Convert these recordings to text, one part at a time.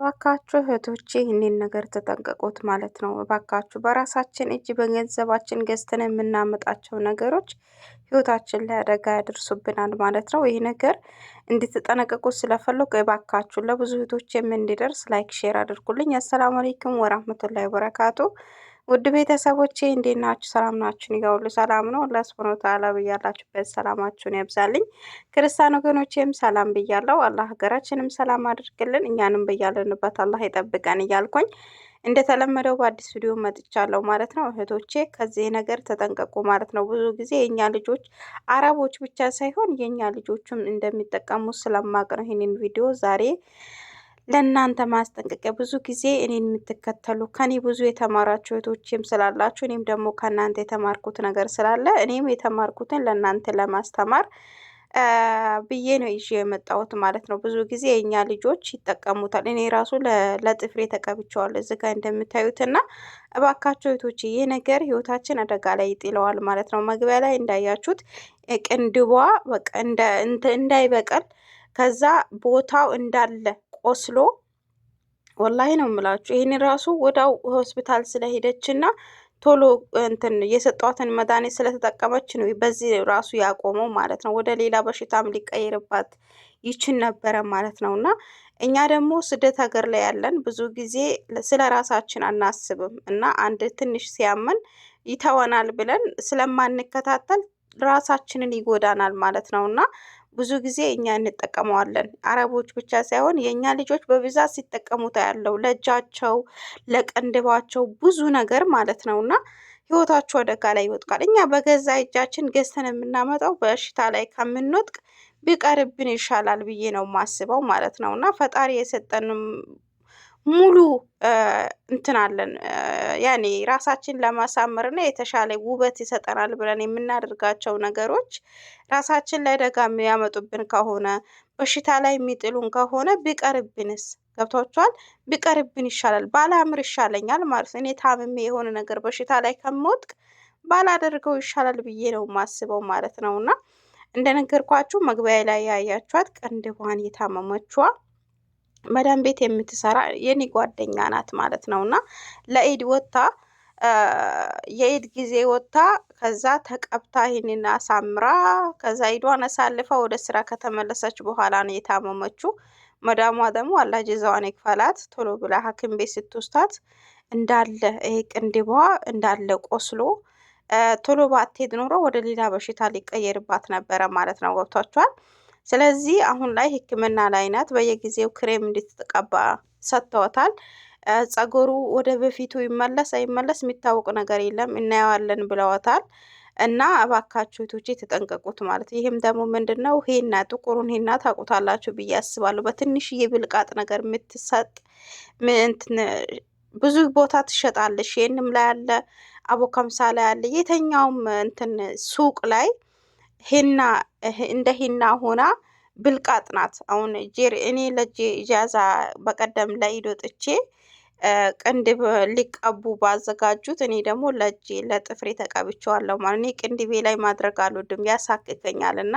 እባካችሁ እህቶቼ ይህንን ነገር ተጠንቀቁት ማለት ነው። እባካችሁ በራሳችን እጅ በገንዘባችን ገዝተን የምናመጣቸው ነገሮች ህይወታችን ላይ አደጋ ያደርሱብናል ማለት ነው። ይህ ነገር እንድትጠነቀቁ ስለፈለጉ እባካችሁ ለብዙ እህቶቼም እንዲደርስ ላይክ፣ ሼር አድርጉልኝ። አሰላሙ አለይኩም ወራህመቱላይ ወበረካቱ ውድ ቤተሰቦቼ እንዴት ናችሁ? ሰላም ናችሁን? እኔ ሁሉ ሰላም ነው። አላህ ሱብሐነሁ ወተዓላ በያላችሁበት ሰላማችሁን ያብዛልኝ። ክርስቲያን ወገኖቼም ሰላም ብያለሁ። አላህ ሀገራችንም ሰላም አድርግልን፣ እኛንም በያለንበት አላህ ይጠብቀን እያልኩኝ እንደተለመደው በአዲስ ቪዲዮ መጥቻለሁ ማለት ነው። እህቶቼ ከዚህ ነገር ተጠንቀቁ ማለት ነው። ብዙ ጊዜ የእኛ ልጆች አረቦች ብቻ ሳይሆን የእኛ ልጆችም እንደሚጠቀሙ ስለማቅ ነው ይህንን ቪዲዮ ዛሬ ለእናንተ ማስጠንቀቂያ ብዙ ጊዜ እኔን የምትከተሉ ከኔ ብዙ የተማራችሁ እህቶችም ስላላችሁ እኔም ደግሞ ከእናንተ የተማርኩት ነገር ስላለ እኔም የተማርኩትን ለእናንተ ለማስተማር ብዬ ነው ይዤ የመጣሁት ማለት ነው። ብዙ ጊዜ የእኛ ልጆች ይጠቀሙታል። እኔ ራሱ ለጥፍሬ ተቀብቼዋለሁ እዚህ ጋር እንደምታዩትና እባካቸው እህቶች ይህ ነገር ህይወታችን አደጋ ላይ ይጥለዋል ማለት ነው። መግቢያ ላይ እንዳያችሁት ቅንድቧ እንዳይበቀል ከዛ ቦታው እንዳለ ቆስሎ ወላሂ ነው የምላችሁ። ይህን ራሱ ወዳው ሆስፒታል ስለሄደች እና ቶሎ እንትን የሰጧትን መድኃኒት ስለተጠቀመች ነው በዚህ ራሱ ያቆመው ማለት ነው። ወደ ሌላ በሽታም ሊቀይርባት ይችን ነበረ ማለት ነው። እና እኛ ደግሞ ስደት ሀገር ላይ ያለን ብዙ ጊዜ ስለ ራሳችን አናስብም እና አንድ ትንሽ ሲያመን ይተወናል ብለን ስለማንከታተል ራሳችንን ይጎዳናል ማለት ነው እና ብዙ ጊዜ እኛ እንጠቀመዋለን። አረቦች ብቻ ሳይሆን የእኛ ልጆች በብዛት ሲጠቀሙት ያለው ለእጃቸው፣ ለቀንድባቸው ብዙ ነገር ማለት ነው እና ህይወታቸው አደጋ ላይ ይወጥቃል። እኛ በገዛ እጃችን ገዝተን የምናመጣው በሽታ ላይ ከምንወጥቅ ቢቀርብን ይሻላል ብዬ ነው ማስበው ማለት ነው እና ፈጣሪ የሰጠንም ሙሉ እንትን አለን ያኔ ራሳችን ለማሳመር እና የተሻለ ውበት ይሰጠናል ብለን የምናደርጋቸው ነገሮች ራሳችን ላይ ደጋ የሚያመጡብን ከሆነ በሽታ ላይ የሚጥሉን ከሆነ ቢቀርብንስ? ገብቷችኋል? ቢቀርብን ይሻላል፣ ባላምር ይሻለኛል ማለት ነው። እኔ ታምሜ የሆነ ነገር በሽታ ላይ ከምወጥቅ ባላደርገው ይሻላል ብዬ ነው የማስበው ማለት ነው። እና እንደነገርኳችሁ መግቢያ ላይ ያያችኋት ቅንድቧን የታመመችዋ መዳም ቤት የምትሰራ የኔ ጓደኛ ናት ማለት ነው። እና ለኢድ ወጥታ የኢድ ጊዜ ወጥታ ከዛ ተቀብታ ይህንን አሳምራ ከዛ ኢዷን አሳልፋ ወደ ስራ ከተመለሰች በኋላ ነው የታመመችው። መዳሟ ደግሞ አላህ ጀዛዋን ይክፈላት። ቶሎ ብላ ሐኪም ቤት ስትወስዳት እንዳለ ይሄ ቅንድቧ እንዳለ ቆስሎ ቶሎ ባትሄድ ኖሮ ወደ ሌላ በሽታ ሊቀየርባት ነበረ ማለት ነው። ገብቷችኋል? ስለዚህ አሁን ላይ ህክምና ላይ ናት። በየጊዜው ክሬም እንድትቀባ ሰጥተውታል። ጸጉሩ ወደ በፊቱ ይመለስ አይመለስ የሚታወቅ ነገር የለም እናየዋለን ብለዋታል። እና እባካችሁ የተጠንቀቁት ተጠንቀቁት ማለት ይህም ደግሞ ምንድን ነው? ሄና ጥቁሩን ሄና ታውቁታላችሁ ብዬ አስባለሁ። በትንሽዬ ብልቃጥ ነገር የምትሰጥ ብዙ ቦታ ትሸጣለች። ይህንም ላይ አለ፣ አቦ ከምሳ ላይ አለ፣ የተኛውም እንትን ሱቅ ላይ ሄና እንደ ሄና ሆና ብልቃጥ ናት። አሁን ጄር እኔ ለጄ ኢጃዛ በቀደም ለኢድ ወጥቼ ቅንድብ ሊቀቡ ባዘጋጁት እኔ ደግሞ ለእጄ ለጥፍሬ ተቀብቸዋለሁ ማለት እኔ ቅንድቤ ላይ ማድረግ አልወድም ያሳቅቀኛል እና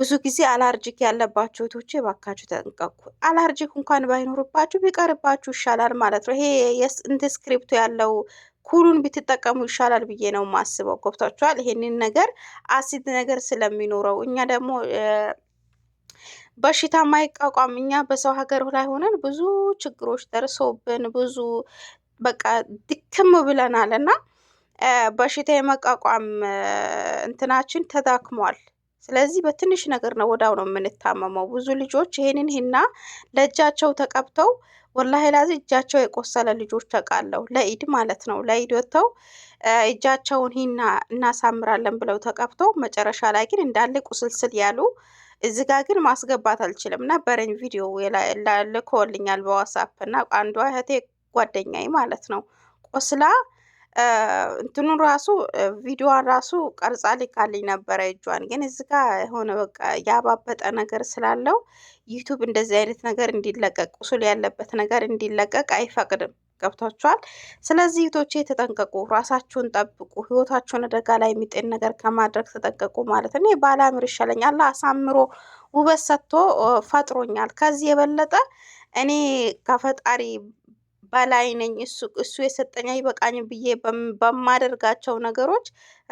ብዙ ጊዜ አላርጂክ ያለባቸው እህቶቼ ባካችሁ ተጠንቀቁ። አላርጂክ እንኳን ባይኖርባችሁ ቢቀርባችሁ ይሻላል ማለት ነው። ይሄ እንደ ስክሪፕቱ ያለው ኩሉን ብትጠቀሙ ይሻላል ብዬ ነው ማስበው። ገብቷችኋል? ይሄንን ነገር አሲድ ነገር ስለሚኖረው እኛ ደግሞ በሽታ ማይቋቋም እኛ በሰው ሀገር ላይ ሆነን ብዙ ችግሮች ደርሶብን ብዙ በቃ ድክም ብለናል እና በሽታ የመቋቋም እንትናችን ተዳክሟል። ስለዚህ በትንሽ ነገር ነው ወዳው ነው የምንታመመው። ብዙ ልጆች ይሄንን ሂና ለእጃቸው ተቀብተው ወላሂ ላዚ እጃቸው የቆሰለ ልጆች ተቃለው ለኢድ ማለት ነው ለኢድ ወጥተው እጃቸውን ሂና እናሳምራለን ብለው ተቀብተው መጨረሻ ላይ ግን እንዳለ ቁስልስል ያሉ እዚ ጋ ግን ማስገባት አልችልም ነበረኝ። ቪዲዮ ልኮልኛል በዋሳፕ እና አንዷ እህቴ ጓደኛዬ ማለት ነው ቆስላ እንትኑን ራሱ ቪዲዮዋን ራሱ ቀርጻ ልካልኝ ነበረ። እጇን ግን እዚህ ጋ የሆነ በቃ ያባበጠ ነገር ስላለው ዩቱብ እንደዚህ አይነት ነገር እንዲለቀቅ ቁስል ያለበት ነገር እንዲለቀቅ አይፈቅድም። ገብቷችኋል? ስለዚህ እህቶቼ ተጠንቀቁ፣ ራሳችሁን ጠብቁ፣ ህይወታችሁን አደጋ ላይ የሚጤን ነገር ከማድረግ ተጠንቀቁ ማለት ነው። እኔ ባላምር ይሻለኛል። አሳምሮ ውበት ሰጥቶ ፈጥሮኛል። ከዚህ የበለጠ እኔ ከፈጣሪ በላይ ነኝ እሱ እሱ የሰጠኝ አይበቃኝ ብዬ በማደርጋቸው ነገሮች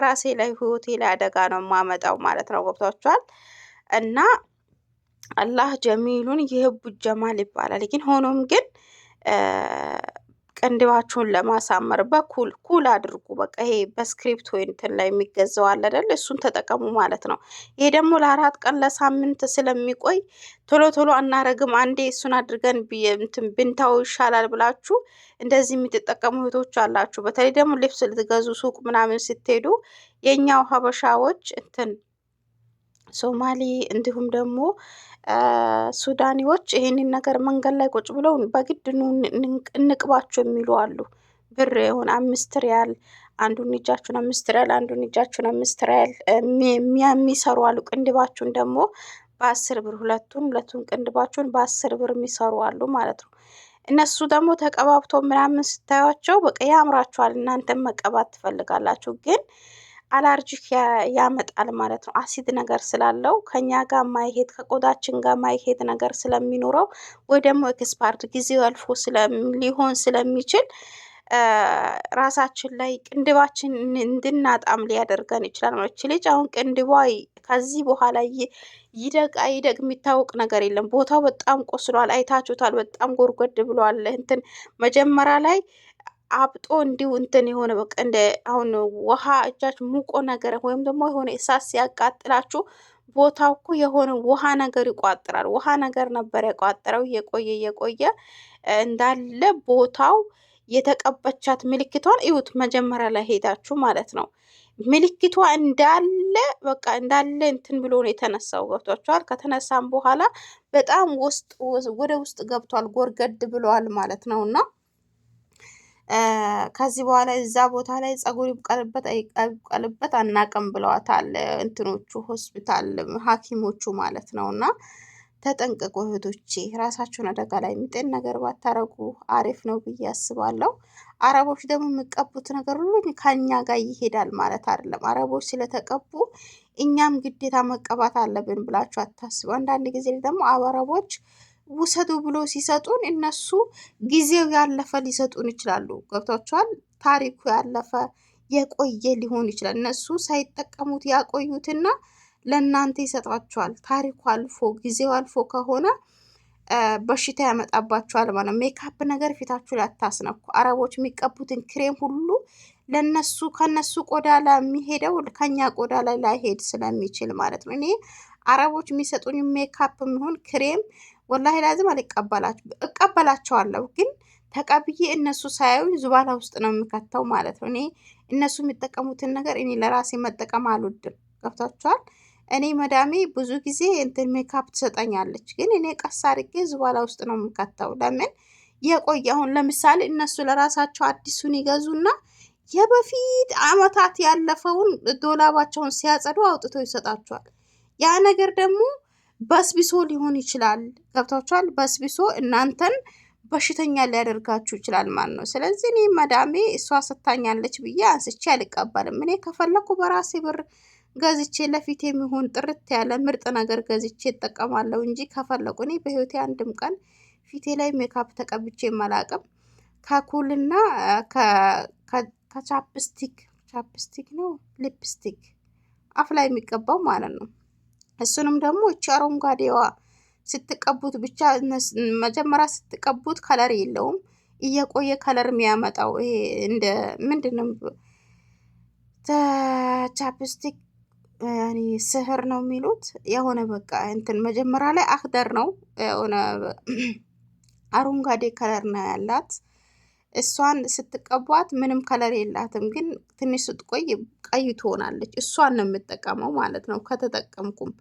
ራሴ ላይ ህይወቴ ላይ አደጋ ነው የማመጣው ማለት ነው። ገብቷችኋል? እና አላህ ጀሚሉን ይህ ቡጀማል ይባላል። ግን ሆኖም ግን ቅንድባችሁን ለማሳመር በኩል ኩል አድርጉ። በቃ ይሄ በስክሪፕት ወይ እንትን ላይ የሚገዛው አለ አይደል? እሱን ተጠቀሙ ማለት ነው። ይሄ ደግሞ ለአራት ቀን ለሳምንት ስለሚቆይ ቶሎ ቶሎ አናረግም፣ አንዴ እሱን አድርገን እንትን ብንታው ይሻላል ብላችሁ እንደዚህ የምትጠቀሙ እህቶች አላችሁ። በተለይ ደግሞ ልብስ ልትገዙ ሱቅ ምናምን ስትሄዱ የእኛው ሀበሻዎች እንትን ሶማሌ እንዲሁም ደግሞ ሱዳኒዎች ይሄንን ነገር መንገድ ላይ ቁጭ ብለው በግድ እንቅባቸው የሚሉ አሉ። ብር የሆነ አምስት ሪያል አንዱን እጃችሁን አምስት ሪያል አንዱን እጃችሁን አምስት ሪያል የሚሰሩ አሉ። ቅንድባችሁን ደግሞ በአስር ብር ሁለቱን ሁለቱን ቅንድባችሁን በአስር ብር የሚሰሩ አሉ ማለት ነው። እነሱ ደግሞ ተቀባብቶ ምናምን ስታዩቸው በቃ ያምራችኋል። እናንተም መቀባት ትፈልጋላችሁ ግን አላርጂክ ያመጣል ማለት ነው። አሲድ ነገር ስላለው ከኛ ጋር ማይሄድ ከቆዳችን ጋር ማይሄድ ነገር ስለሚኖረው ወይ ደግሞ ኤክስፓርድ ጊዜው አልፎ ሊሆን ስለሚችል ራሳችን ላይ ቅንድባችን እንድናጣም ሊያደርገን ይችላል ማለት ልጅ አሁን ቅንድቧ ከዚህ በኋላ ይደግ አይደግ የሚታወቅ ነገር የለም። ቦታው በጣም ቆስሏል፣ አይታችሁታል። በጣም ጎርጎድ ብሏል። እንትን መጀመሪያ ላይ አብጦ እንዲሁ እንትን የሆነ በቃ እንደ አሁን ውሃ እጃችሁ ሙቆ ነገር ወይም ደግሞ የሆነ እሳት ሲያቃጥላችሁ ቦታው እኮ የሆነ ውሃ ነገር ይቋጥራል። ውሃ ነገር ነበር ያቋጥረው እየቆየ እየቆየ እንዳለ ቦታው የተቀበቻት ምልክቷን እዩት። መጀመሪያ ላይ ሄዳችሁ ማለት ነው ምልክቷ እንዳለ በቃ እንዳለ እንትን ብሎ ነው የተነሳው። ገብቷችኋል? ከተነሳም በኋላ በጣም ውስጥ ወደ ውስጥ ገብቷል፣ ጎርገድ ብሏል ማለት ነው እና ከዚህ በኋላ እዛ ቦታ ላይ ጸጉር ይብቀልበት አይብቀልበት አናቅም ብለዋታል እንትኖቹ ሆስፒታል ሐኪሞቹ ማለት ነው። እና ተጠንቀቁ እህቶቼ፣ ራሳችሁን አደጋ ላይ የሚጤን ነገር ባታረጉ አሪፍ ነው ብዬ አስባለሁ። አረቦች ደግሞ የሚቀቡት ነገር ሁሉ ከኛ ጋር ይሄዳል ማለት አይደለም። አረቦች ስለተቀቡ እኛም ግዴታ መቀባት አለብን ብላችሁ አታስቡ። አንዳንድ ጊዜ ደግሞ አረቦች ውሰዱ ብሎ ሲሰጡን እነሱ ጊዜው ያለፈ ሊሰጡን ይችላሉ። ገብቷቸዋል ታሪኩ ያለፈ የቆየ ሊሆን ይችላል። እነሱ ሳይጠቀሙት ያቆዩትና ለእናንተ ይሰጧቸዋል። ታሪኩ አልፎ ጊዜው አልፎ ከሆነ በሽታ ያመጣባቸዋል ማለት ነው። ሜካፕ ነገር ፊታችሁ ላይ አታስነኩ። አረቦች የሚቀቡትን ክሬም ሁሉ ለነሱ ከነሱ ቆዳ ላይ የሚሄደው ከኛ ቆዳ ላይ ላይሄድ ስለሚችል ማለት ነው። እኔ አረቦች የሚሰጡኝ ሜካፕ የሚሆን ክሬም ወላሂ ላዝም አልቀበላችሁ እቀበላቸዋለሁ ግን ተቀብዬ እነሱ ሳያዩኝ ዙባላ ውስጥ ነው የምከተው ማለት ነው። እኔ እነሱ የሚጠቀሙትን ነገር እኔ ለራሴ መጠቀም አልወድም። ገብታችኋል? እኔ መዳሜ ብዙ ጊዜ እንትን ሜካፕ ትሰጠኛለች፣ ግን እኔ ቀስ አድርጌ ዙባላ ውስጥ ነው የምከተው። ለምን የቆየ አሁን ለምሳሌ እነሱ ለራሳቸው አዲሱን ይገዙና የበፊት አመታት ያለፈውን ዶላባቸውን ሲያጸዱ አውጥቶ ይሰጣቸዋል። ያ ነገር ደግሞ በስቢሶ ሊሆን ይችላል። ገብታችኋል? በስቢሶ እናንተን በሽተኛ ሊያደርጋችሁ ይችላል ማለት ነው። ስለዚህ እኔ መዳሜ እሷ ስታኛለች ብዬ አንስቼ አልቀበልም። እኔ ከፈለኩ በራሴ ብር ገዝቼ ለፊት የሚሆን ጥርት ያለ ምርጥ ነገር ገዝቼ እጠቀማለሁ እንጂ ከፈለቁ እኔ በህይወቴ አንድም ቀን ፊቴ ላይ ሜካፕ ተቀብቼ የማላቅም ከኩልና ከቻፕስቲክ ቻፕስቲክ ነው ሊፕስቲክ አፍ ላይ የሚቀባው ማለት ነው። እሱንም ደግሞ እቺ አረንጓዴዋ ስትቀቡት ብቻ መጀመሪያ ስትቀቡት ከለር የለውም እየቆየ ከለር የሚያመጣው ይሄ እንደ ምንድን ነው ቻፕስቲክ ስህር ነው የሚሉት የሆነ በቃ እንትን መጀመሪያ ላይ አክደር ነው የሆነ አረንጓዴ ከለር ነው ያላት። እሷን ስትቀቧት ምንም ከለር የላትም፣ ግን ትንሽ ስትቆይ ቀይ ትሆናለች። እሷን ነው የምጠቀመው ማለት ነው። ከተጠቀምኩም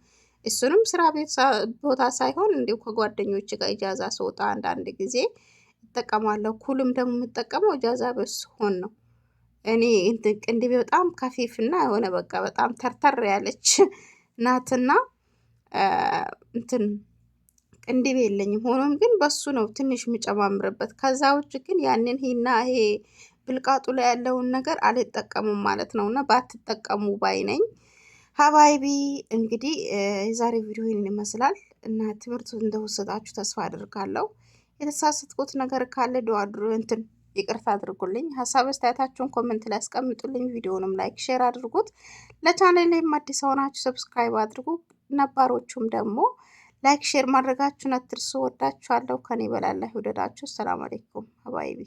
እሱንም ስራ ቤት ቦታ ሳይሆን እንዲሁ ከጓደኞች ጋር እጃዛ ስወጣ አንዳንድ ጊዜ እጠቀማለሁ። ኩልም ደግሞ የምጠቀመው ጃዛ ቤት ስሆን ነው። እኔ ቅንድቤ በጣም ከፊፍና የሆነ በቃ በጣም ተርተር ያለች ናትና እንትን ቅንድብ የለኝም። ሆኖም ግን በሱ ነው ትንሽ የምጨማምርበት። ከዛ ውጭ ግን ያንን ሂና ይሄ ብልቃጡ ላይ ያለውን ነገር አልጠቀሙም ማለት ነው። እና ባትጠቀሙ ባይ ነኝ። ሀባይቢ እንግዲህ የዛሬ ቪዲዮ ይህን ይመስላል እና ትምህርቱ እንደወሰዳችሁ ተስፋ አድርጋለሁ። የተሳሳትኩት ነገር ካለ ደዋድሮ እንትን ይቅርታ አድርጉልኝ። ሀሳብ አስተያየታችሁን ኮመንት ላይ አስቀምጡልኝ። ቪዲዮንም ላይክ፣ ሼር አድርጉት። ለቻኔል ላይም አዲስ ሆናችሁ ሰብስክራይብ አድርጉ። ነባሮቹም ደግሞ ላይክ ሼር ማድረጋችሁን አትርሱ። ወዳችኋለሁ። ከኔ በላላ ይውደዳችሁ። ሰላም አሌይኩም አባይቢ